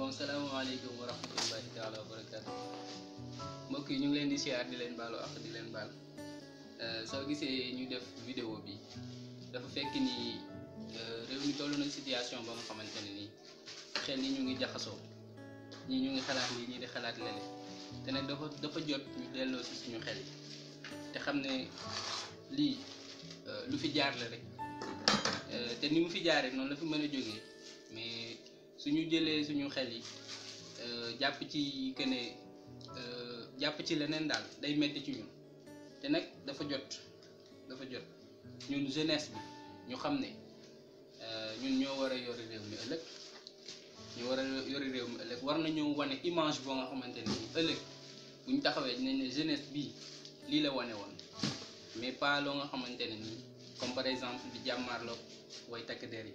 bon salaamaaleykum wa rahmatullahi taala wa barakaatu mbokk yi ñu ngi leen di siyaar di leen baalu di leen baal euh, soo gisee ñu def vidéo bi dafa fekk nii euh, réew mi toll na situation ba nga xamante ne nii xel ni ñu ngi jaxasoo ñii ñu ngi xalaat lii ñii di xalaat lele te nag dafa dafa jot ñu delloo si suñu xel te xam ne lii euh, lu fi jaar la rek te ni mu fi jaaree noonu la fi mën a jóge mais. suñu jëlee suñu xel yi euh, jàpp ci que ne euh, jàpp ci leneen daal day metti ci ñun te nag dafa jot dafa jot ñun jeunesse bi ñu xam ne euh, ñun ñoo war a yore réew mi ëllëg ñu war a yore réew mi ëllëg war nañu wane image boo nga xamante ne ëllëg bu ñu taxawee dinañ ne jeunesse bii lii la wane woon mais pas loo nga xamante ne comme par exemple di jàmmaarloo way takk der yi.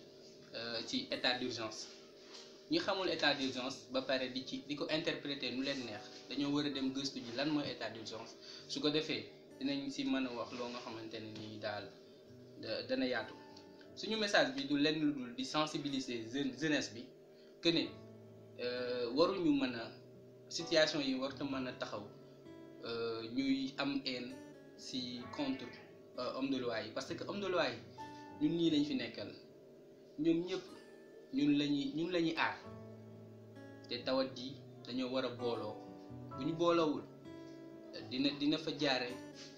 Euh, ci état d'urgence ñu xamul état d'urgence ba pare di ci di ko interpréter nu leen neex dañoo war a dem gëstu ji lan mooy état d'urgence su ko defee dinañ si mën a wax loo nga xamante ne nii daal dana yaatu suñu message bi du lenn lu dul di sensibiliser jeunesse bi que ne euh, waruñu mën a situation yi warta mën a taxaw euh, ñuy am haine si contre homme de loi yi parce que homme de loi yi ñun ñii lañ fi nekkal. ñoom ñëpp ñun lañuy ñun lañuy aar te tawat ji dañoo war a booloo bu ñu boolowul dina dina fa jaare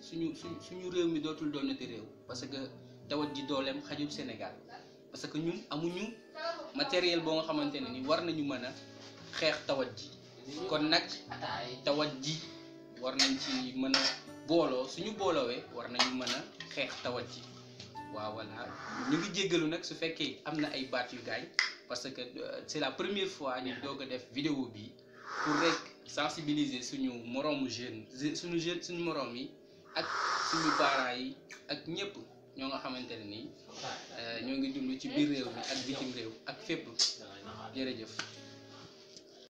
suñu suñ suñu réew mi dootul doonati réew parce que tawat ji dooleem xajul Sénégal parce que ñun amuñu matériel boo nga xamante ne ni war nañu mën a xeex tawat ji kon nag tawat ji war nañ ci mën a booloo suñu booloowee war nañu mën a xeex tawat ji waaw voilà ñu ngi jéggalu nag su fekkee am na ay baat yu gaañ parce que euh, c'est la première fois ñu doog a def vidéo bi pour rek sensibiliser suñu moroomu jeune suñu jeune suñu moroom yi ak suñu parents yi ak ñëpp ñoo nga xamante ne nii euh, ñoo ngi dund ci biir réew mi ak bitim réew ak fépp jërëjëf